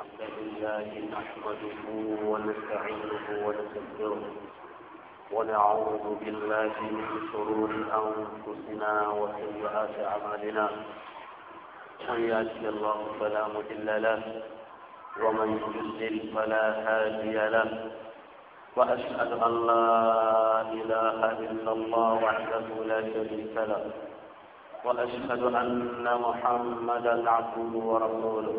الحمد لله نحمده ونستعينه ونكبره ونعوذ بالله من شرور أنفسنا وسيئات أعمالنا من يهدي الله فلا مضل له ومن يضلل فلا هادي له وأشهد أن لا إله إلا الله وحده لا شريك له وأشهد أن محمدا عبده ورسوله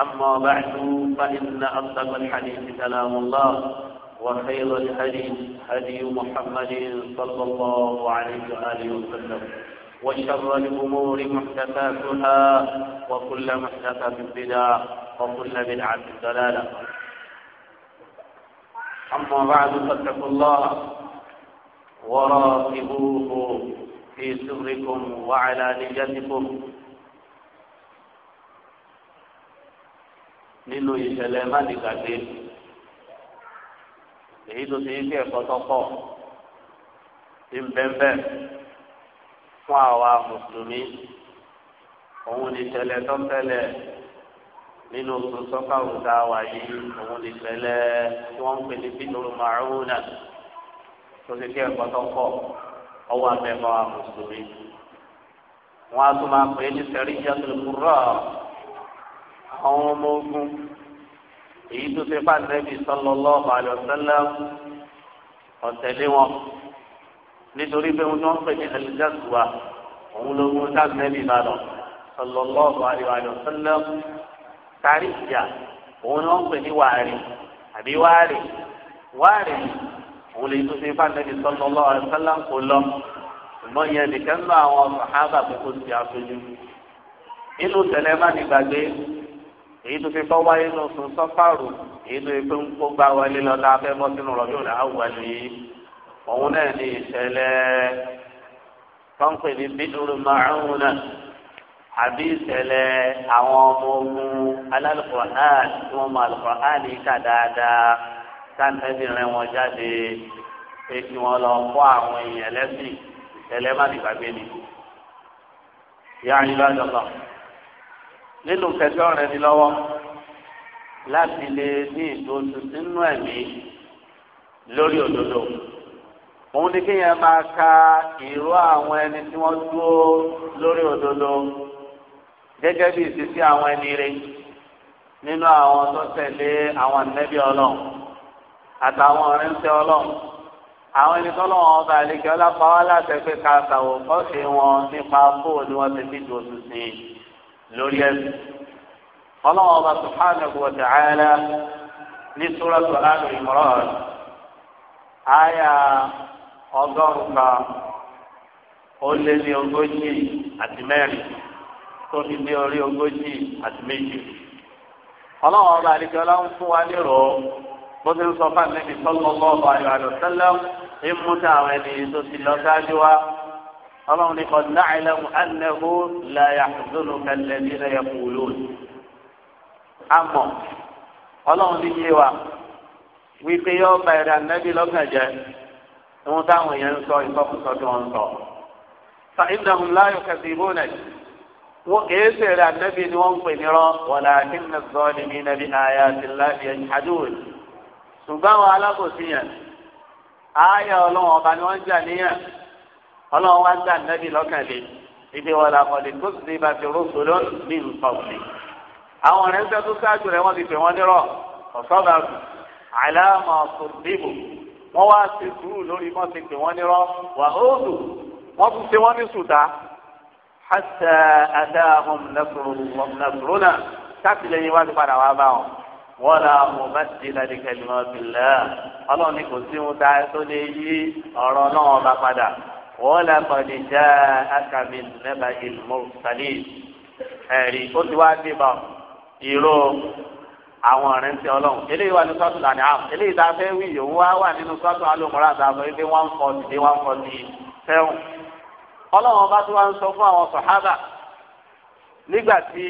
أما بعد فإن أصدق الحديث كلام الله وخير الهدي هدي محمد صلى الله عليه وآله وسلم وشر الأمور محدثاتها وكل محدثة بدعة وكل بدعة ضلالة أما بعد فاتقوا الله وراقبوه في سركم وعلانيتكم nínú ìṣẹ̀lẹ̀ mádìgàdé èyí tó ti ṣe ẹ̀kọ́ tọ́kọ̀ ti ń bẹ́ńbẹ́ fún àwa mùsùlùmí òun ní ìṣẹ̀lẹ̀ tó tẹ́lẹ̀ nínú oṣù sọ́kàwùn tá a wà yìí òun ní ìṣẹ̀lẹ̀ tí wọ́n ń pè ní bílùú màrúnà tó ti ṣe ẹ̀kọ́ tọ́kọ̀ ọwọ́ abẹ́fọ́ àwa wọ́n á tún máa pè é ní sẹ́ríjà tó kúrọ́ọ̀ àwọn ọmọ ogun èyí tó ṣe pàtẹ́bí sallallahu alaihi wasallam ọ̀tẹ̀lé wọn nítorí pé wọn ń pè ní alìjásuwa òun ló mú tábìlẹ́bí ìbàdàn sallallahu alaihi wasallam kárí ìjà òun ni wọ́n pè ní wàárí àbí wáárí wáárí òun lè tó ṣe pàtẹ́bí sallallahu alaihi wasallam kò lọ ṣùgbọ́n yẹn nìkan náà àwọn sàhábà kókó ti àfojú nínú tẹ̀lé má ní gbàgbé èyí tó fi kọ́ wáyé lọ sùn sọ́fàrù èyí tó fi pé ń kó gbá wọlé lọ tá a fẹ́ bọ́ sínú rọ̀bì òlà àwùwálé òun náà ní ìṣẹ̀lẹ̀ tọ́ǹpẹ̀ ní bídúrú márùn-ún náà àbí ìṣẹ̀lẹ̀ àwọn ọmọ ogun alálùkọ̀án tí wọ́n mọ àlùkọ̀án yìí kà dáadáa táǹtẹ́bìnrin wọn jáde pé kí wọ́n lọ kọ́ àwọn èèyàn lẹ́sìn ìṣẹ̀lẹ̀ má nígbàgbé ni. yáa ń lọ́dọ̀ náà nínú kẹsí ọ̀rẹ́ ni lọ́wọ́ láti lè ní ìdóòtú sínú ẹ̀mí lórí òdodo òun ni kéèyàn máa ka ìró àwọn ẹni tí wọ́n dúró lórí òdodo gẹ́gẹ́ bí ìsísí àwọn ẹni rẹ̀ nínú àwọn tó tẹ̀lé àwọn ànábì ọlọ́run àtàwọn ọ̀rẹ́ ń tẹ ọlọ́run àwọn ẹni tọ́lọ́ wọn ọba àlejò ọlápá wa láti ẹgbẹ́ ká àtàwọn kọ́ọ̀sì wọn nípa bóòlù wọn ti fi dùn sí i. lórí ẹsẹ̀ ọlọ́wọ́n ọba subhanahu wa ta'ala ní ó lé ní ogójì àti mẹ́rin tó orí ogójì ọba àdìgbò ọlọ́run fún wa nírò bó ti ń sọ fún ọlọ́run ní kọ́ láìlẹ́hùn ánẹ́hó láyàdúnú kẹlẹ́ nílẹ̀ yẹ kú lónìí. àmọ́ ọlọ́run ní yé wa wípé yọ ọba ẹ̀rọ anábì lọ́kàn jẹ́ ohun táwọn èèyàn ń sọ ìsọkúsọ tí wọ́n ń sọ. fa ìdáhùn láyò kẹsì ìbò náà wọ́n kìí sèrè anábì ni wọ́n ń pè nírọ́ wọ̀lá kí ní sọ́ọ́lì mi nàbí àyà àti láti ẹ̀yìn àdúrà. ṣùgbọ́n àwọn alákòóso yẹn ààyè ọlọ́run ọba ni wọ́n jà níyàn ọlọ́run wá gbà nẹ́bí lọ́kànlé ibi wọn la kọ́ni tó ti bá ti rúṣu ló ní nǹkan àwọn ọ̀rẹ́ ń tẹ́tú sáájú rẹ̀ wọ́n ti pè wọ́n nírọ̀ ọ̀sọ́ba àlámọ̀ sùdìbò wọ́n wá ti sùúrù lórí wọ́n ti pè wọ́n nírọ̀ wà óòdù wọ́n tún ṣe wọ́n ní sùtà hàtà adáhùn nàṣúrúnà sátìlẹ́yìn wá ti padà wá bá wọn wọ́n la mọ̀ bá lálẹ́ kẹlẹ́ wọn bìlẹ̀ ọlọ́run ni kò wọ́n lè kọ́ni já akami nẹ́bà ìmọ̀sálì ẹ̀rí ó ti wá dé bá ìró àwọn ọ̀rẹ́ ń tẹ ọlọ́run eléyìí wà ní sọ́tù làní àmọ́ eléyìí tá a fẹ́ wí yòówù wá wà nínú sọ́tù alómọ́ra tá a fẹ́ dé wọ́n kọ́ ti dé wọ́n kọ́ ti fẹ́hùn ọlọ́run bá tún wá ń sọ fún àwọn sọ̀hábà nígbà tí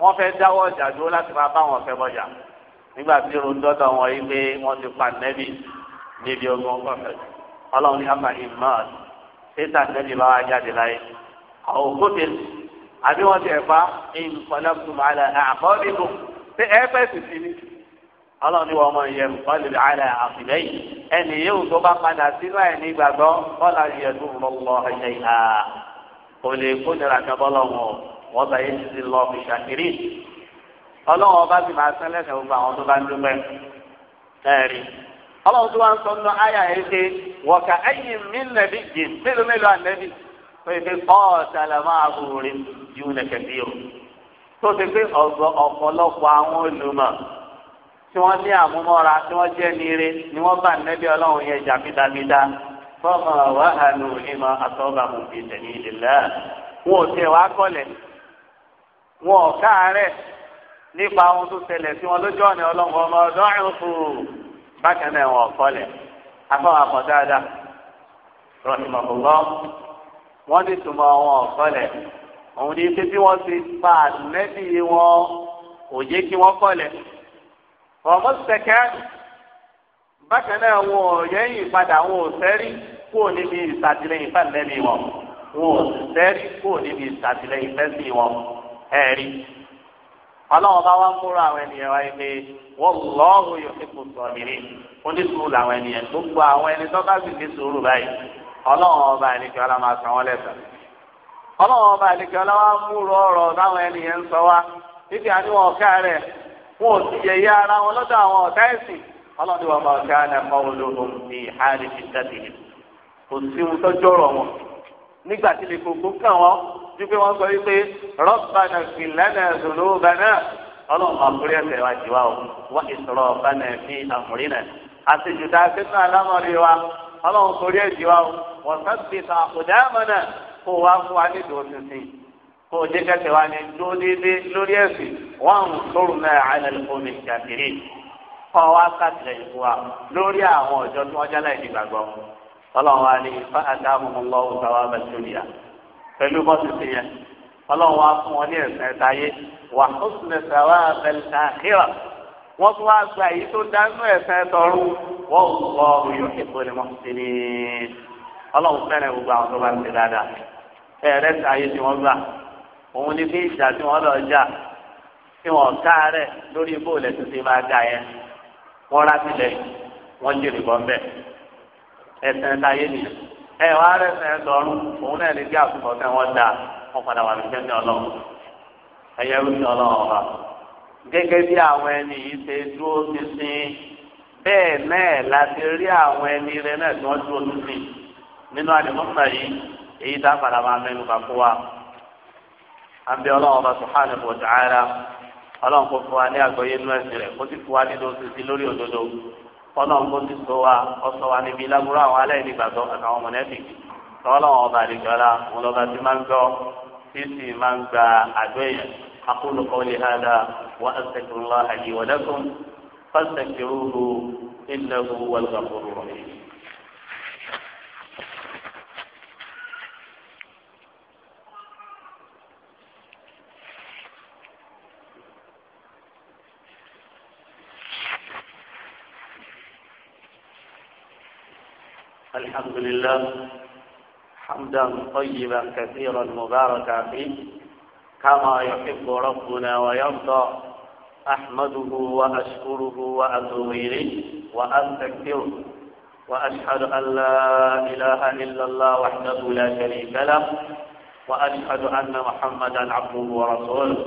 wọ́n fẹ́ dáwọ́ ọjà dúró láti máa bá wọn fẹ́ bọ́jà nígbà tí rondọ́tọ̀ wọn yí pé wọ́n ti pa nẹ́bì níbi ogun kọfẹ́ ọlọ́run ní afa tẹ́tà nẹ́bí bá wá jáde láyé àwọn òkúté àbí wọ́n ti ẹ̀fá ẹ̀yìn pọ̀lẹ́kùn màálà àkọ́ nínú ṣé ẹ fẹ́ sì sí ni ọlọ́run ní wọ́n mọ iye mùkọ́lì àlà àfìlẹ́ yìí ẹnì yóò tó bá padà sínú àìní gbàgbọ́ bọ́lá yẹ tó lọ́lọ́ ẹ̀yẹ ìhà kò kó nira kan bọ́lọ́ wọn wọ́n bá yé títí lọ fi ṣàkiri ọlọ́run ọba sì máa sẹ́lẹ̀ ọlọ́run tó wá ń sọ nínú àyà yìí ṣe wọ̀kà ẹ̀yìn mi nàbí jì mélòó mélòó ànẹ́bí pèsè ọ̀ọ́dàlà máa rúre yìí nìkẹ́ bí o tó ti pé ọ̀pọ̀lọpọ̀ àwọn olùmọ̀ tí wọ́n ní àmúmọ́ra tí wọ́n jẹ́ níire ni wọ́n bá nẹ́bí ọlọ́run yẹn jà fìdáfìdá fọ́ọ̀mù wàhánù ìmọ̀ àtọ́bàmù fi tẹ̀lé ìdílẹ̀ wọn ò tiẹ̀ wá kọ́lẹ̀ wọn ò káàárẹ̀ nípa ohun tó ṣẹlẹ̀ sí wọn lójú ọ̀nà ọlọ́run ọmọ ọdọ́ àìrùkù bákan náà wọn kọlẹ̀ afọwọ́ akọ dáadáa rọ̀tìmọ̀kùnkọ́ wọ́n ti túmọ̀ wọn kọlẹ̀ òun ni pé bí wọ́n ti pa ànẹ́bí wọn kò yé kí wọ́n kọlẹ̀ ọmọ sẹ̀kẹ́ bákan náà wọn ò yẹ́yìn padà wọn ò sẹ́rí kó níbi ìsàtìlẹ́yìn fún ànẹ́bí wọn wọn ò sẹ́rí kó níbi ìsàtìlẹ́yìn fẹ́sìn wọn ẹ̀rí. ọlọ́run bá wá ń múra àwọn ènìyàn wáyé pé wọ́n lọ́ọ̀rù yòókù kò sọ ìrì onísùúrù làwọn ènìyàn gbogbo àwọn ẹni tó bá sì báyìí ọlọ́run ọba àlejò ọlá máa san wọ́n lẹ́sàn. ọlọ́run ọba àlejò ọlá wá ń múra ọ̀rọ̀ táwọn ènìyàn ń sọ wá àníwọ̀n ọ̀ká rẹ̀ ò sì ara wọn lọ́dọ̀ àwọn ọ̀tá nígbà tí lè gbogbo kàn wọ́n wípé wọ́n sọ wípé rọ́bànà fìlànà zòlóbànà ọlọ́run àkórí ẹ̀sẹ̀ wa jì wá o wọ́n ìsọ̀rọ̀ bànà fi àmúrí nà àtẹ̀jùdá sínú àlámọ̀rí wa ọlọ́run kórí ẹ̀jì wa o wọ́n sábì ta àkùdámọ̀nà kó wá fún wa ní ìdòwòsíntì kó o jẹ́ kẹsẹ̀ wa ní dúró déédéé lórí ẹ̀sìn wọ́n ń sọ̀rọ̀ náà àlẹ́ omi ìjà kiri kọ́ wa sàtìlẹ́yìn fún wa lórí àwọn ọ̀jọ́ tí wọ́n jálẹ̀ ìdìgbàgbọ́ ọlọ́run wa ní ifá àdáhùn ọlọ́run tàwa bàtúndìyà pẹ̀lú bọ́sì sí yẹn ọlọ́run wa fún wọn ní ẹ̀sìn ẹ̀dáyé wà ọ̀sùnlẹ̀ tàwa bẹ̀lẹ̀ àkírà wọ́n tún wá gba èyí tó dánú ẹ̀sìn ẹ̀tọ́rú wọ́n wọ òyìn ìbò ni wọ́n ti ní ọlọ́run fẹ́rẹ̀ gbogbo àwọn tó bá ń ti dáadáa ẹ̀rẹ́ ti ayé tí wọ́n gbà òun ní bí ìjà tí wọ́n lọ jà tí wọ́n káàárẹ̀ lórí bóòlù ẹ̀sìn ti máa dà yẹn wọ́n rá tilẹ̀ wọ́n jèrè bọ́ e táyé nìyẹn ẹ wàá rẹsẹ̀ lọ́rùn òun náà lè gbé àkùkọ tẹ wọ́n dà wọ́n padà wà ọba bí àwọn ẹni yìí ṣe dúró sísìn náà láti rí àwọn ẹni rẹ náà tí dúró sísìn nínú àdìmọ́sà yìí èyí tá a padà máa wa àbí ọba kò wa ní nú kó sì fún wa nínú sísìn kọ́nà ńkọ́sí sọ wa ọ̀sọ̀ wa níbi lágbóró àwọn aláìní gbàgbọ́ àtàwọn mọ̀lẹ́bí tọ́lọ́wọ́n ọba àdìjọ́lá wọn lọ́ba tí máa ń gbọ́ tí sì máa ń gba àdó èèyàn akóló kọ́lé hádà wà ẹsẹ̀kùnrin lọ́hàjì wọ́dẹ́kùn fásitì rúru ìlẹ̀kùn wọlé الحمد لله حمدا طيبا كثيرا مباركا فيه كما يحب ربنا ويرضى أحمده وأشكره وأتوب إليه وأستكثره وأشهد أن لا إله إلا الله وحده لا شريك له وأشهد أن محمدا عبده ورسوله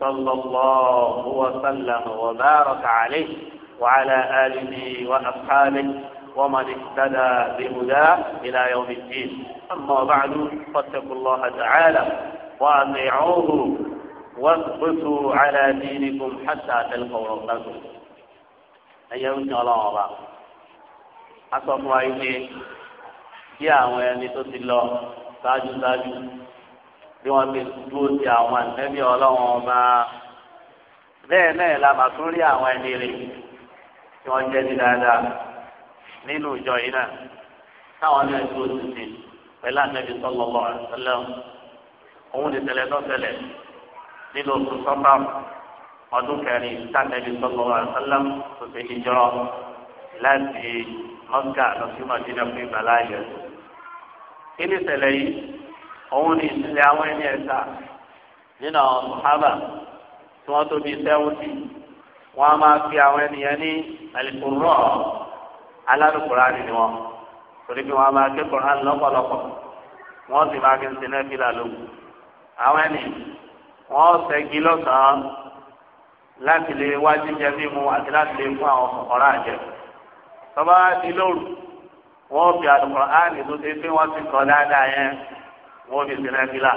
صلى الله وسلم وبارك عليه وعلى آله وأصحابه ومن اهتدى بهداه إلى يوم الدين أما بعد فاتقوا الله تعالى وأطيعوه واثبتوا على دينكم حتى تلقوا ربكم أيها الله asọ̀fún wa yìí pé bí àwọn ẹni tó ti lọ ṣáájú ṣáájú bí wọ́n ti dúró ti àwọn àtẹ́bí ọlọ́wọ́n ọba bẹ́ẹ̀ náà la màá tún rí àwọn ẹni rè tí wọ́n jẹ́ ní dáadáa nínú ìjọ yìí náà táwọn náà tó ti sìn pẹ̀lú àtẹ̀bí sallallahu alaihi wasallam òun ti tẹ̀lé tọ́tẹ̀lẹ̀ nínú oṣù sọ́fà ọdún kẹrin tàtẹ̀bí sallallahu alaihi wasallam tó ti ìjọ láti mọ́kà lọ sí mọ̀dínà fún ìgbàlá yẹn. kí ni ìṣẹ̀lẹ̀ yìí òun ni ìṣẹ̀lẹ̀ àwọn ẹni ẹ̀ta nínú àwọn sọ̀hábà tí wọ́n tó bíi sẹ́wọ́tì wọ́n á máa fi àwọn ènìyàn ní àlìkùrọ̀ alárùkùránì ni wọn torí pé wọn máa kẹ́kọ̀ọ́ hàn lọ́pọ̀lọpọ̀ wọn sì máa fi ń sin náà fìlà lóko àwọn ẹni wọn ṣẹ́gi lọ́sàn-án láti lè wá jíjẹ mímu àti láti lè fún àwọn kọ̀ọ̀rọ̀ àjẹ tọ́ba di lóru wọn fi alùkùránì tó ṣe pé wọn ti kọ́ dáadáa yẹn wọn fi sin náà fìlà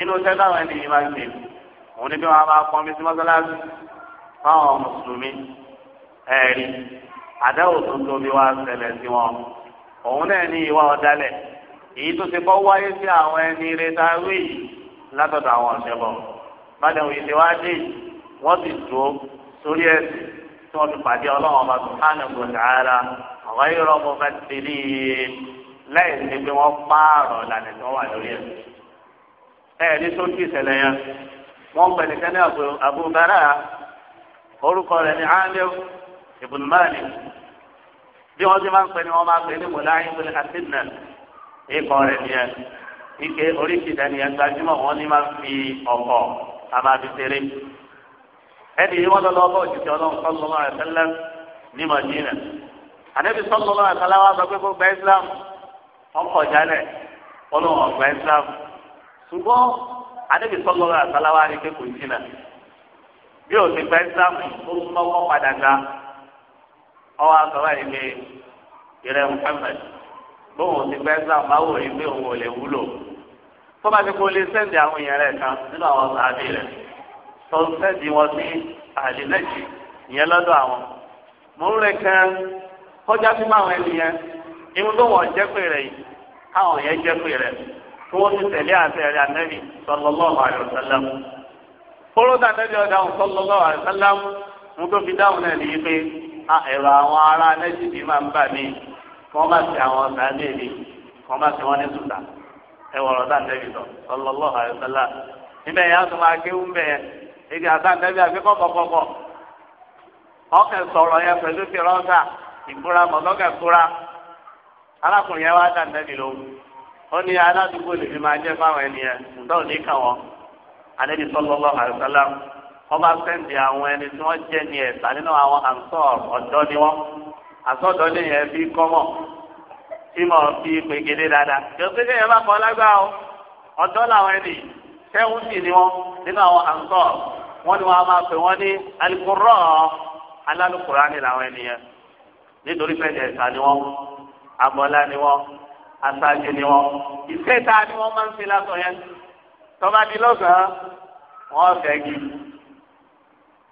inú sẹ́dá àwọn ẹni yìí máa ń ṣe òun ni bí wọn máa pọ́n sí mọ́sálásí fáwọn mùsùlùmí ẹ̀rí. àdáwò tó tóbi wá ṣẹlẹ̀ sí wọn òun náà ní ìwà ọ̀dàlẹ̀ èyí tó ti kọ́ wáyé sí àwọn ẹni retá wíì látọ̀dọ̀ àwọn ọ̀ṣẹ́bọ̀ bàdàwò ìṣèwádé wọ́n ti dúró sórí ẹ̀sìn tí wọ́n ti pàdé ọlọ́run ọba subhanahu wa ta'ala àwọn irọ́ mo fẹ́ tẹ̀lé láì ní pé wọ́n pààrọ̀ ìlànà tí wọ́n wà lórí ẹ̀sìn. ní ìṣẹ̀lẹ̀ yẹn wọ́n pẹ̀lú kẹ́ni Ibn Malik bí wọ́n ti máa ń pè ní wọ́n máa pè ní mùláyìn wọlé àtìnà ikọ̀ rẹ̀ nìyẹn ike oríṣi ìdánìyẹn gbajúmọ̀ wọ́n ní máa fi ọkọ̀ àmàbìtẹ́rẹ́ ẹni yìí wọ́n lọ́ọ́ bọ̀ òjijì ọlọ́run sọ́lọ́lọ́ àtẹ́lẹ́ ní Madina àdébí sọ́lọ́lọ́ àtẹ́lẹ́ wa sọ pé kó gba Islam ọkọ̀ jálẹ̀ ọlọ́run ọ̀gbà Islam ṣùgbọ́n àdébí sọ́lọ́lọ́ àtẹ́lẹ́ wa rí pé kò jìnnà bí òsì gba Islam ó mọ́wọ́ padà ga ọwọ́ àtọ́wá yìí pé ìrẹ́ Muhammad bóun ti fẹ́ sá báwo rí pé òun ò lè wúlò tó bá ti kó lè sẹ́ǹdì àwọn èèyàn rẹ̀ kan nínú àwọn sàádé rẹ̀ tó ń sẹ́ǹdì wọn sí àdínẹ́jì ìyẹn lọ́dọ̀ àwọn mò ń rẹ̀ kan kọjá sí máwọn ẹni yẹn irun tó wọ̀ jẹ́ pé rẹ̀ yìí káwọn yẹn jẹ́ pé rẹ̀ tí wọ́n ti tẹ̀lé àti ẹ̀rẹ́ anẹ́bí sallallahu alaihi wasallam kóró tàbí ọ̀dà ẹ̀rọ àwọn ará nẹ́sìbí máa ń bà mí kọ́ má sí àwọn mi kọ́ má sí wọn ní sùtà ẹ wọ̀rọ̀ tá nẹ́bí lọ ọlọ́lọ́ àyọ̀sálà níbẹ̀ yẹn á máa kéwú mbẹ̀ yẹn èdè àtà àfikọ́ ọkẹ́ sọ̀rọ̀ yẹn pẹ̀lú ìkúra kúra alákùnrin yẹn wá ó ní wọ́n bá sẹ́ǹdì àwọn ẹni tí wọ́n jẹ́ ní ẹ̀sà nínú àwọn àǹsọ̀ ọ̀dọ́ ni wọ́n àsọ̀dọ́ ní yẹn bí kọ́mọ̀ tí mo fi pègede dáadáa yóò pé kéèyàn bá kọ́ lágbá o ọ̀dọ́ làwọn ẹni sẹ́wọ́n sì ni wọ́n nínú àwọn àǹsọ̀ wọ́n ni wọ́n á máa pè wọ́n ní alukurọ́ alálùkùrá ni làwọn ẹni yẹn nítorí pẹ̀lú ẹ̀sà ni wọ́n abọ́lá ni wọ́n asájú ni wọ́n ìfẹ́ ta ni wọ́n máa ń fi lásán yẹn tọ́ba di lọ́sàn-án wọ́n fẹ́ kí i.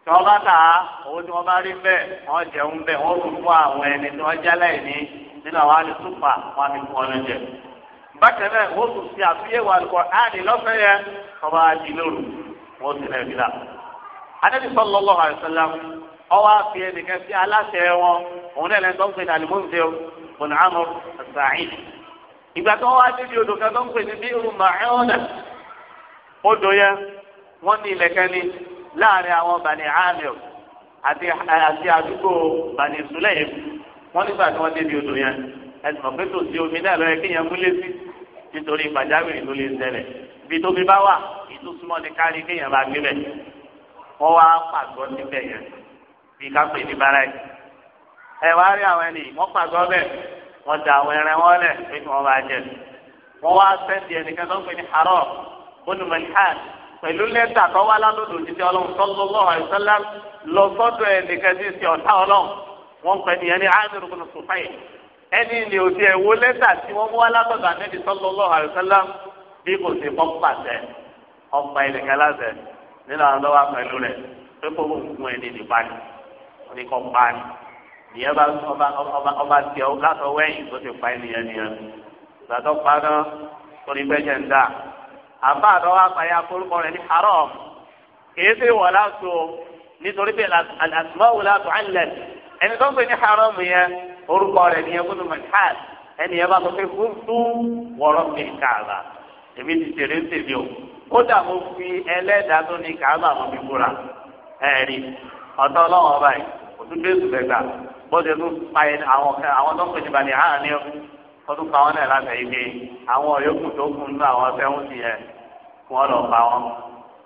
tí wọ́n bá tà owó tí wọ́n bá rí bẹ́ẹ̀ wọ́n jẹun bẹ́ẹ̀ wọ́n tún fún àwọn ẹni tí wọ́n jálẹ̀ ní nínú àwọn alùpùpà wọn fún ọlọ́ jẹ. bákan náà wọ́n tún fi àtúnyẹ̀wò àlùkò áàdì lọ́fẹ̀ẹ́ yẹn kọ́ba di lóru wọ́n rẹ̀ alaihi àfi ẹnìkan sí aláṣẹ wọn òun náà ìgbà tó wá débi odò kan tó ń pè ní láàrin àwọn bani amir àti àti àdúgbò bani sulaim wọn nígbà tí wọn débi odò yẹn ẹsùn ọ̀pẹ tó ti omi náà lọ́yẹ kéèyàn múlé sí nítorí pàjáwìrì tó lè ṣẹlẹ̀ ibi tóbi bá wà ìtú súnmọ́ ni kárí kéèyàn bá gbé bẹ̀ wọ́n wá pàgọ́ síbẹ̀ yẹn bí kápẹ́ ní báráì ẹ wá rí àwọn ẹni wọ́n pàgọ́ bẹ̀ wọ́n da àwọn ẹran wọn lẹ̀ pé kí wọ́n bá jẹ wọ́n wá sẹ́ndì ẹnìkan pẹ̀lú lẹ́tà tó wá lálọ́dọ̀ títí ọlọ́run sallallahu alaihi wasallam lọ sọ́dọ̀ ẹnìkan tí ń ṣe ọ̀tá ọlọ́run wọ́n pẹ̀ nìyẹn ní áàdùrú kùnú sùfàyè ẹni ní òsì ẹ̀wọ́ lẹ́tà tí wọ́n mú wá lálọ́dọ̀ ànẹ́bí sallallahu alaihi wasallam bí kò sí pọ́ńpàṣẹ ọ̀pá ẹnìkan láṣẹ nínú àwọn lọ́wọ́ pẹ̀lú rẹ̀ pé kó kó ẹni nìbani àbá àtọwọ́ apàyà forúkọ ní haram nítorí pé àtúmọ̀wò ẹni tó ń pè ní haram yẹn orúkọ rẹ̀ ní ẹkún ẹni yẹn bá sọ pé wọ̀rọ̀ mi kààbà èmi ti tèrè ń tèmi o kódà mo fi ẹlẹ́dàá tó ní kààbà mo fi ẹ̀rí ọlọ́wọ́ báyìí òtún sùgbẹ́gbà pa àwọn tó ń pè ní tọdún pa wọn náà lábẹ́ ilé àwọn yòókù tó kù nínú àwọn fẹ́hùn sí yẹn kí wọ́n lọ pa wọn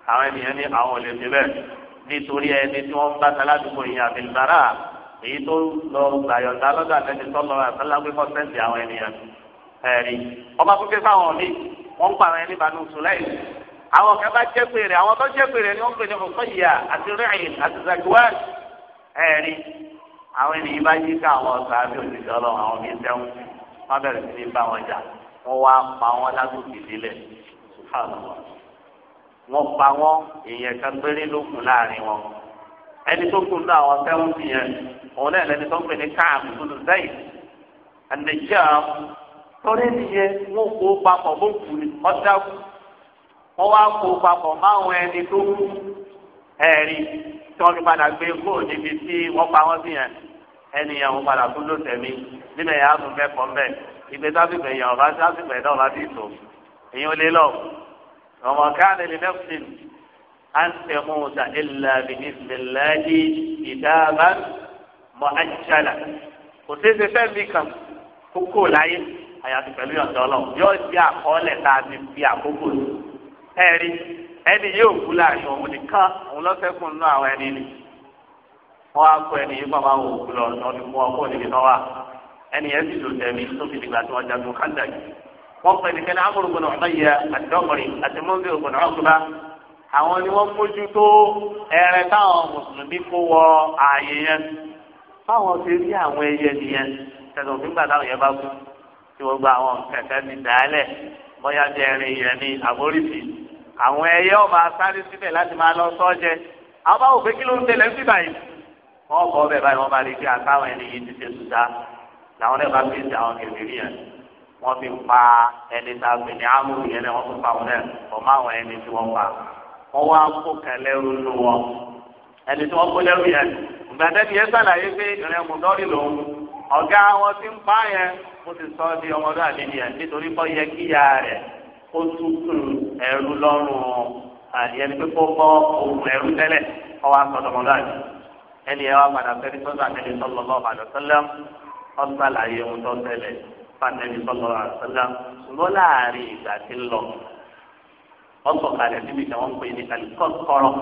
àwọn ènìyàn ní àwọn ò lè fi bẹ́ẹ̀ nítorí ẹni tí wọ́n ń bá taládùúgbò yìí àbí ìbára èyí tó lọ gbàyọ̀dá lọ́dọ̀ àtẹ́ni tọ́lọ́ àtàlágbé kọ́sẹ́ǹtì àwọn ènìyàn ẹ̀rí ọba tó ké fáwọn mi wọ́n ń pa àwọn ẹni bànú sùlẹ́yìn àwọn kan bá jẹ́ pèrè àwọn tó jẹ́ pèrè ni wọ́n pè ní ọ̀sọ́yìá àti rẹ́yìn àti zakiwan ẹ̀rí àwọn ènìyàn bá yí ká àwọn ọ̀sán àbí òṣìṣẹ́ ọlọ́run àwọn mi sẹ́wọ̀n wọn bẹ̀rẹ̀ sí ní bá wọn jà wọn wá pa wọn lágòkè délẹ̀ wọn pa wọn èèyàn kan péré ló láàrin wọn ẹni tó kù náà àwọn sẹ́wọ́n ti yẹn òun náà lẹni tó ń pè ní káàmù tó lù sẹ́yìn ànàjà torí nìyẹn wọn kó papọ̀ bó kù ní ọjà kù wọn wá kó papọ̀ máwọn ẹni tó kù ẹ̀rí tí wọn fi padà gbé kó níbi tí wọn pa wọn sí yẹn ẹni àwọn padà tó ló tẹ̀mí níbẹ̀ yà á tún fẹ́ pọ̀ mbẹ́ ìgbé sáfìgbẹ̀ yàn ọba sáfìgbẹ̀ náà bá ti tò èyàn lé lọ. ọmọ káàdì lè nẹ́fùsìn á ń tẹ̀ mú ta ilà bìnnìsìláyé ìdáàbá mọ́ àjàlá. kò sí ṣe fẹ́ mi kàn kókó láyé àyàfi pẹ̀lú yọ̀ǹda ọlọ́run yóò di àkọọ́lẹ̀ tá a ti fi àkókò sí. ẹ̀rí ẹni yóò kú láàrin òun nìkan òun lọ́sẹ̀kùn nínú àwọn ẹni nìyí wọn á kó ẹni yìí bàbá wò ó lọ lọdún fún ọkọ níbi náà wà ẹni yẹn ti lò tẹmí tó fi dìgbà tí wọn jagun kánda yìí wọn pè ní kẹlẹ amúlù gbọnà ọmọ yìí àdìdọkùnrin àti mọbìlì gbọnà ọkùnrin àwọn ni wọn mójú tó ẹrẹ táwọn mùsùlùmí kó wọ ààyè yẹn fáwọn ti rí àwọn ẹyẹ nìyẹn tẹsán òfin gbà táwọn yẹn bá kú tí wọn gba àwọn kẹkẹ ní dàálẹ bóyá jẹ ẹrin yẹn ní àbóríṣi àwọn ẹyẹ ọba sáré síbẹ̀ láti máa lọ sọjẹ àwọn bá wò pé kí ló ń tẹ́lẹ̀ ń bíbáyìí wọn bọ bẹ́ẹ̀ báyìí wọn bá lè fi àtàwọn ẹni yìí ti ṣe sùdá làwọn náà bá fi ṣe àwọn kẹfìrí yẹn wọn fi pa ẹni tá a gbè ní amúlù yẹn náà wọn fi pa wọn náà pọ̀ mọ́ àwọn ẹni tí wọ́n pa wọn wá kó kẹlẹ́rú nù wọn ẹni tí wọ́n kó lẹ́rú yẹn gbàdẹ́ni yẹn sàlàyé pé ìrìn mùdọ́rì lòun ọ̀gá wọn ti ń pa yẹn mo ti sọ di ọmọdé àdéhìí yẹn nítorí kọ́ yẹ kíyà rẹ̀ ó túkùn ẹrú lọ́rùn ẹni pé kó bọ́ ohun ẹrú tẹ́lẹ̀ ọ wá sọ ọmọdé àdéhìí ẹni ẹ wá padà sẹ́ni sọ́dọ̀ àtẹ̀lé sọ́lọ́ lọ́wọ́ àdọ́sọ́lẹ́m ọ̀sàlàyé ohun tó tẹ̀lé fàtẹ̀lé sọ́lọ́ àdọ́sọ́lẹ́m ṣùgbọ́n láàrin ìgbà tí ń lọ wọ́n sọ̀kalẹ̀ níbi tí wọ́n ń pè ní alikọ́kọ́rọ́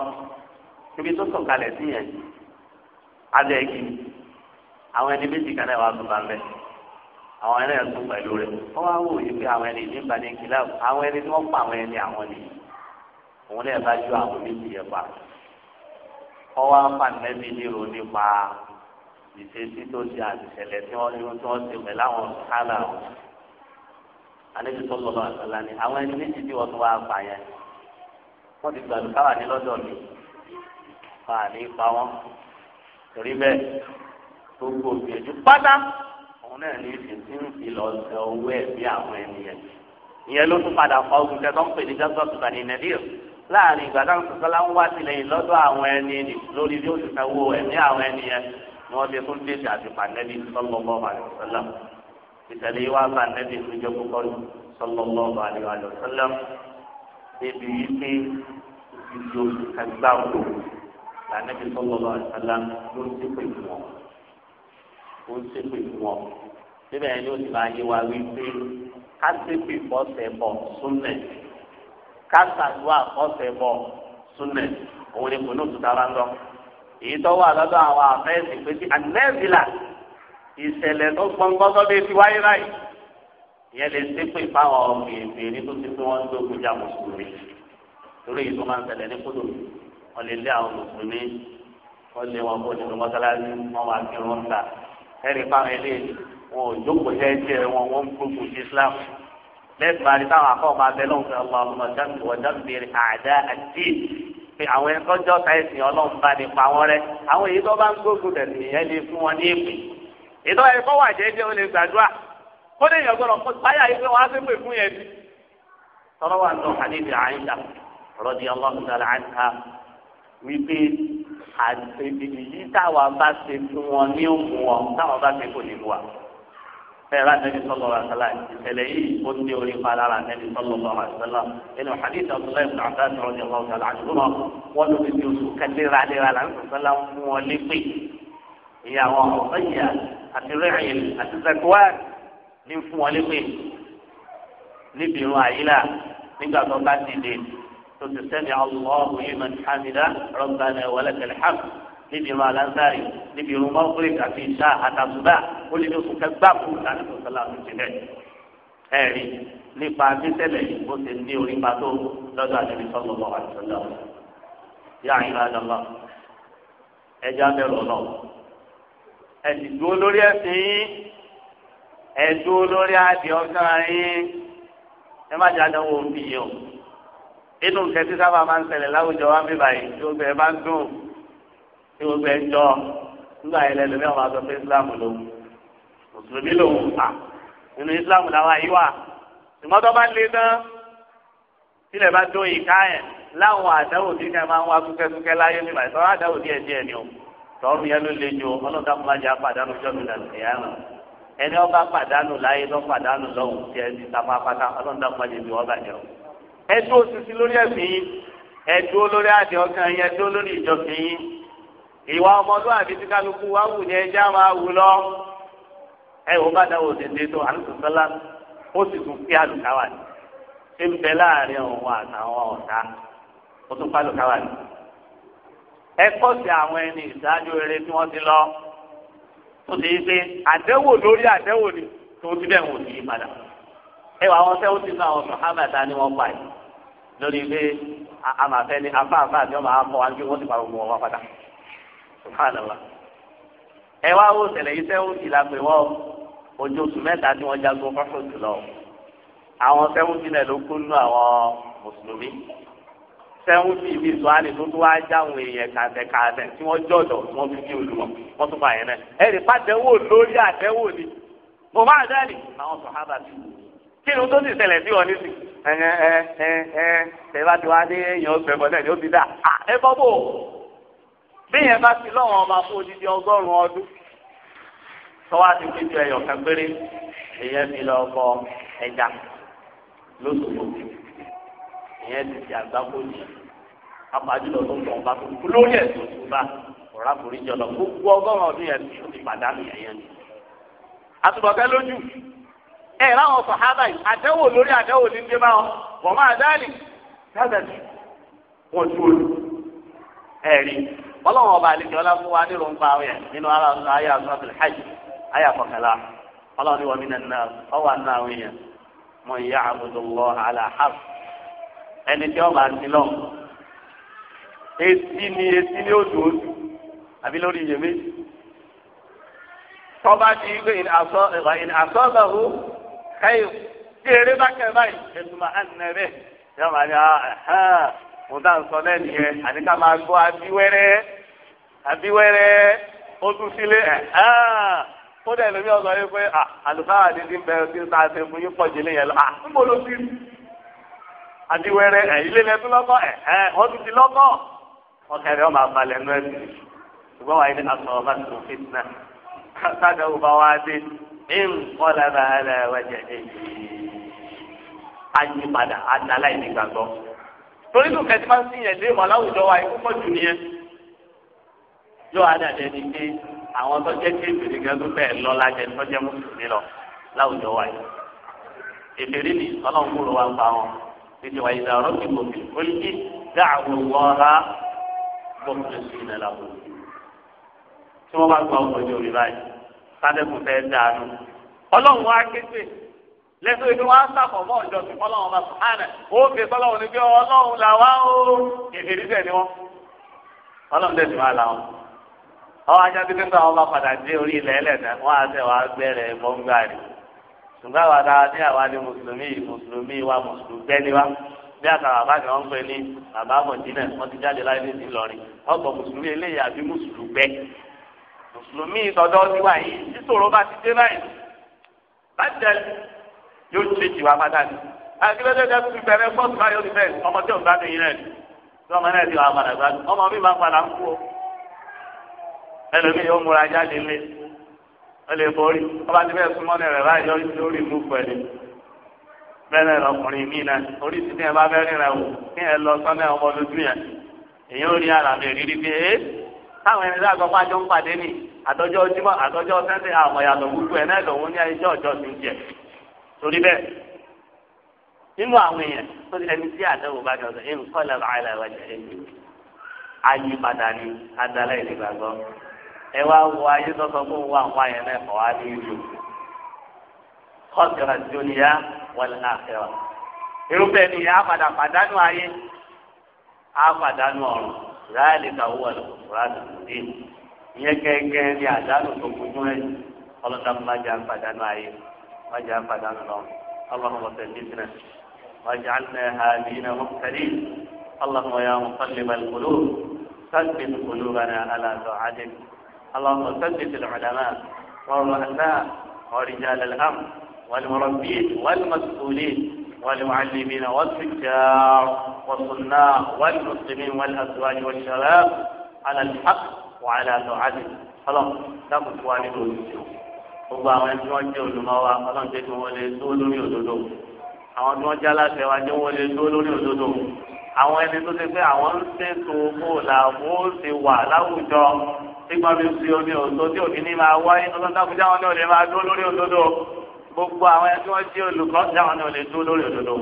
níbi tó sọ̀kalẹ̀ sí yẹn abẹ́ igi àwọn ẹni méjì kan náà wà tó bá ń bẹ àwọn ẹni ẹ̀sùn pẹ̀lú rẹ̀ wọ́n wá wò yí pé àwọn ẹni ìdí ìbàdí kìlá àwọn ẹni tí wọ́n pa àwọn ẹni àwọn nìyí òun náà bá ju àwọn méjì yẹn pa ọwọ́ afánẹ́bí nírò nípa ìṣesí tó ṣe àtìṣẹlẹ̀ tí wọ́n yóò tí wọ́n ṣe pẹ̀lú àwọn sálà wọn. àlejò tó lọ́lọ́ àtàlà ni àwọn ẹni méjì tí wọ́n tún wá pa yẹn wọ́n ti gbàdúrà káwà ní lọ́dọ̀ mi pa àní pa wọ́n torí bẹ́ẹ̀ gbogbo ìgbìyànjú pátá òun náà ní ìfìsí ń fi lọ sọ owó ẹ̀ bí àwọn ẹni yẹn ìyẹn ló tún padà fọ ogun kẹtọ́ ń pè ní jásọ́ọ̀tù láàrin ìgbà táwọn sọ̀tọ́lá ń wá tìlẹ́yìn lọ́dọ̀ àwọn ẹni ni lórí bí ó ti sanwó ẹ̀mí àwọn ẹni yẹn ni wọ́n fi fún tètè àti pàtẹ́bí sallallahu alaihi wasallam ìtẹ̀lé wa pàtẹ́bí ìfúnjọ púpọ̀ sallallahu alaihi wasallam débi wípé ìdí oṣù kagbá wò lànàbí sallallahu alaihi wasallam ló ń ṣépè fún wọn ó ń ṣépè fún wọn síbẹ̀ ni ó ti máa yé wa wípé ká ṣépè bọ́ bọ̀ súnlẹ̀ kásàdúrà kọsẹ̀ bọ̀ súnlẹ̀ òun ni kùnú tuta bá ń lọ. èyí tó wà lọ́dọ̀ àwọn àfẹ́sì pé tí anẹ́bìlà ìṣẹ̀lẹ̀ tó gbọ́ngbọ́n tó bẹ́ẹ̀ ti wáyé báyìí ìyẹn lè ṣe pé fáwọn ọmọ èèfé ní tó ti fi wọn gbógun já mùsùlùmí torí èyí tó máa ń ṣẹlẹ̀ ní kódò wọn àwọn mùsùlùmí wọn wọn kó nínú mọ́sálásí wọn wà kí wọn ta ẹ̀rí fáwọn eléyìí wọn ò jókòó jẹ́ẹ́jẹ́ wọn wọn gbógun sí Islam lẹ́sìn bá rí táwọn akọ́ máa bẹ lọ́wọ́ fún ọlọ́run wọ́jọ́ bèrè àdá àti pé àwọn ẹ̀kọ́ jọ sáyẹ̀sì ọlọ́run bá ní pa wọ́n rẹ́ àwọn èyí tó bá ń gbógun tẹ̀sí yẹn lè fún wọn ní èpè ìtọ́ ẹ̀kọ́ wà jẹ́ jẹ́ o lè gbàdúrà kó lè yàn gbọ́dọ̀ kó báyà yìí pé wọ́n á sì pè fún yẹn bí. tọ́lọ́ wà lọ hadithi Aisha rọ́dí ọlọ́run sọ̀rọ̀ fẹ́ẹ́rẹ́ anabi sọlọ àṣàlá ìṣẹ̀lẹ̀ yìí ó ní orí palára anabi sọlọ lọ́wọ́ àṣàlá inú hadith abdullahi ibn abbas rọ̀jẹ̀ lọ́wọ́ sọlá àdúgbò wọn ló fi di oṣù kẹlẹ́ra lẹ́ra làǹṣàṣàlá fún wọn lépè ìyàwó ọ̀sẹ̀yà àti rẹ̀yìn àti zakuwan ní fún wọn lépè níbi irun àyílà nígbà tó bá ti dé tó ti sẹ́ni allahu liman hamida rabbana wa lakal hamd níbi ìrún alásàrì níbi ìrún mọ́kúrẹ́ àti ìṣá àtàtúbà ó lè ní oṣù kẹgbàkú láti tó sọlá tó ti bẹ́ẹ̀. ẹ̀rí nípa títẹ̀lẹ̀ ó ti ní orí pàtó lọ́dọ̀ àdébí sọ́lọ́ lọ́wọ́ àti sọ́lọ́ yá àyìnlá dọ́lọ́ ẹjọ́ abẹ́rù ọ̀nà ẹ̀sìn dúró lórí ẹ̀sìn yín ẹ̀dúró lórí adìẹ ọ̀sán yín ẹ má jẹ́ àdánwò òbí yìí o inú kẹtí sábà máa ń ṣẹlẹ̀ láwùjọ wa ń bíbáyìí tó e wọ́n fẹ́ jọ nígbà yẹn lẹ́nu mẹ́wàá máa sọ pé islam ló mùsùlùmí ló ń fà nínú islam làwọn àyè wà ìmọ̀tọ́ bá lé tán bá ìka láwọn àdáwò tí máa ń wá láyé nígbà àdáwò díẹ̀ díẹ̀ ni o tọ́ọ̀mù yẹn ló le jù ọlọ́dà fún ajá pàdánù jọ́mi nà nìyàrá ẹni ọba pàdánù láyé lọ́ pàdánù lọ́hùn tí ẹ ìwà ọmọlúwàbí tí kálukú wa wù ní ẹjá máa wù lọ ẹ wò bá dáwọ òdèdè tó àlùsọsọlá ó sì tún pé àlùkáwà ní ṣé ń bẹ láàrin òun àtàwọn ọ̀tá ó tún pé àlùkáwà ní. ẹ kọ́ sí àwọn ẹni ìdájọ́ eré tí wọ́n ti lọ tó ti yí àdẹ́wò lórí àdẹ́wò ni tó ti bẹ̀ wò ní ìpadà ẹ wà wọn fẹ́ ti fún àwọn Muhammad á wọ́n pa yìí lórí pé àmàfẹ́ ni afáàfáà ni wọ́n máa kọ́ subhanallah ẹ wá wò ṣẹlẹ̀ yìí sẹ́wọ́ntì la pè wọ́n ojú oṣù mẹ́ta tí wọ́n jagun fọ́fọ́ jùlọ àwọn sẹ́wọ́ntì náà ló kún nínú àwọn mùsùlùmí sẹ́wọ́ntì bíi sùhánì tó tún wá jáwọn èèyàn kàtẹ́kàtẹ́ tí wọ́n jọ̀dọ̀ tí wọ́n fi bí olùmọ̀ wọ́n tún bá yẹn náà ẹ̀rì pàtẹ́wò lórí àtẹ́wò ni mo máa dẹ́rì àwọn sọ̀hábà ti kí ni tó ti ṣẹlẹ̀ sí ọ nísì ẹ ẹ ẹ ẹ ẹ bá ti wá dé èèyàn ọgbẹ̀bọ̀ náà ni ó ti dà ẹ bọ́ bò ó bíyẹn bá ti lọ́wọ́n ọba fún odidi ọgọ́rùn-ún ọdún tọ́wọ́ àti péjú ẹyọ kan péré èyẹ mi lọ bọ ẹja lóṣogbo ìyẹn ti ti àgbákò ní apájúlọ tó ń bọ̀ ọba tó kú lórí ẹ̀sùn tó bá ọ̀rá foríjọ lọ gbogbo ọgọ́rùn-ún ọdún yẹn tó ti pàdánù ẹ̀yẹ ni. àtùbọ̀tẹ́ lójú ẹ̀ láwọn sàhábà yìí àtẹ́wò lórí àtẹ́wò ní dé bá wọn bọ̀ ọlọ́wọ́n ọba àlejò ọlá fún wa nílùú ń pa ọ̀yà nínú ara ọ̀sán ayé àgbàbìlì hajj ayé àkọkànlá ọlọ́wọ́n ni wọ́n mi nà nà ọwọ́ àná àwọn èèyàn mọ̀ ìyá àbùdó lọ àlàhàf ẹni tí ọba àti lọ etí ni etí ni odò odò àbí lórí yèmí tọ́ba ti gbé ìnà àsọ́bàhù káyọ̀ tí eré bá kẹ́ báyìí ẹ̀dùnmá ànàbẹ̀ yọ̀ọ́ màá ní àhán ah, ah, mo dá nsọ lẹ́nu yẹn àti ká máa gbọ́ abí àbí wẹ́rẹ́ ó tún sílé ẹ̀ ah, ó dẹ̀ lómi ọ̀sán yìí pé ah, àlùfáà ni ti ta ṣe fún yín pọ̀ jìnnì lọ ń ah, ló sí àbí ilé tún ti ọmọ àbálẹ̀ ẹnu ẹ̀ ṣùgbọ́n wàá ní aṣọ ọba tó fi tẹ̀ sáde ọba wa dé ń kọ́lá bàálẹ̀ ayípadà àtàlà ìdìgbàgbọ́ torí tó yóò wá dàdé ni pé àwọn tó jẹ́ kéferì gan tó bẹ́ẹ̀ lọ lájẹ tó jẹ́ mùsùlùmí lọ láwùjọ wa yìí èfèrè ni ọlọ́run kúrò wá pa wọn títí wáyé dá ọ̀rọ̀ kí mòkè ó ní kí dáàbò wọ́ra gbọ́dọ̀ sí ilẹ̀ làbò tí wọ́n bá gba ọkọ̀ ojú báyìí sádẹ́kùn fẹ́ dànù ọlọ́run wá kéfè lẹ́sọ̀ ìlú wa ń sàkọ̀ mọ́ ọ̀jọ́ sí ọlọ́run bá sùn ó fi sọlọ́run ní pé ọlọ́run làwa ó èfèrè bẹ́ẹ̀ ni wọ́n ọlọ́run tẹ̀sí wa làwọn àwọn ajá bíi nígbà wọn bá padà dé orí ilẹ̀ ẹlẹ́dẹ̀ wọn á tẹ̀ wàá gbẹ̀rẹ̀ bọ́ńgàrì ṣùgbọ́n àwọn àtàwọn àti àwọn àti mùsùlùmí mùsùlùmí wa mùsùlùmí gbẹ́ni wa bí àtàwọn àbá ni wọ́n ń pè ní bàbá mọ̀jìnà wọ́n ti jáde láyé ní Ìlọrin wọ́n gbọ́ mùsùlùmí eléyìí àbí mùsùlùmí gbẹ́ mùsùlùmí tọ́jọ́ ti wà yìí títòrò bá ti dé báyìí bàjẹ́ yóò ṣe jìwà pátá ni àgbẹ̀dẹ́ jẹ́ tuntun fẹ́rẹ́ fọ́ọ̀tù báyọ̀ ní bẹ́ẹ̀ ọmọ tí ẹlòmíì yóò múra jáde lé ó lè borí ọba tí bẹ́ẹ̀ súnmọ́ ní rẹ̀ báyìí lórí ìlú pẹ̀lú bẹ́ẹ̀ lọkùnrin mí náà orí ti ní ẹ bá fẹ́ rìnrìn àwò kí ẹ lọ sọ́nà ọmọ lójú yẹn èyí ò rí ara mi rírí pé é táwọn ẹni dàgbà pàjọ ń pàdé nì àtọ́jọ́ ojúmọ́ àtọ́jọ́ sẹ́ńtẹ̀ àmọ̀ yàtọ̀ gbogbo ẹ̀ náà lòun ní ẹjọ́ ọjọ́ tó ń jẹ torí bẹ́ẹ̀ nínú àwọn èèyàn tó ẹni tí àdéhùn bá jọ sọ èmi kọ́ lẹ́nu àìlà ayípadà ni adalẹ́ ìdìgbàgbọ́ ẹ wá wo ayé tọ́sọ fún wa wá yẹn náà kọ́ wá ní ìlú kọ́sìrà dúníyà wal akhirah irúfẹ́ ni yà á padà pàdánù ayé á pàdánù ọ̀run ráàlì kàwé wà lóṣùwàdì lòdì ìyẹn gẹ́gẹ́ ní àdánù tó kúndú ẹ̀ ọlọ́dàmú má jẹ́ àpàdánù ayé má jẹ́ àpàdánù lọ اللهم صل واجعلنا هادين مهتدين اللهم يا مقلب القلوب ثبت قلوبنا على طاعتك اللهم ثبت العلماء والرؤساء ورجال الأمر والمربين والمسؤولين والمعلمين والتجار والصناع والمسلمين والأزواج والشباب على الحق وعلى طاعته خلاص تقف والدون gbogbo àwọn ẹni tí wọn jẹ olùmọ̀ Ọlọ́run jẹ kí wọn lè lórí òdodo àwọn tí wọn jẹ aláṣẹ wa jẹ wọn lè lórí òdodo àwọn ẹni tó ti pé àwọn ń ṣètò owó làwọn ó ti wà láwùjọ nígbà mi fi omi òtó tí òbí ní máa wáyé tuntun tábùjá wọn ní òde máa dúró lórí òdodo gbogbo àwọn ẹni tí wọn jẹ olùkọ́ táwọn ní òde dúró lórí òdodo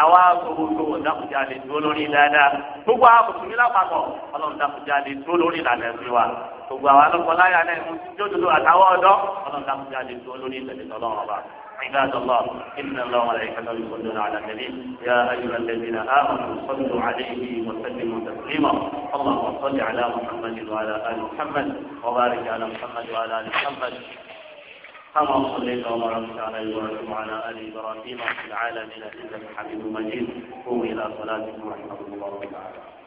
àwa gbogbo tábùjá lè dúró lórí dáadáa gbogbo àwọn mùsùlùmí lápapọ̀ ọlọ́run tábùjá lè dúró lórí ìlànà ẹ̀sìn wa gbogbo àwọn alọ́kọ̀ọ́láyà náà ń jódodo àtàwọn ọ̀dọ́ ọlọ́run tábùjá lè dúró lórí ìlànà ìtọ́lọ́run ọba. عباد الله إن الله وملائكته يصلون على النبي يا أيها الذين آمنوا صلوا عليه وسلموا تسليما اللهم صل على محمد وعلى آل محمد وبارك على محمد وعلى آل محمد كما صليت وباركت على ابراهيم وعلى ال ابراهيم في العالمين انك حميد مجيد قوموا الى صلاتكم ورحمة الله تعالى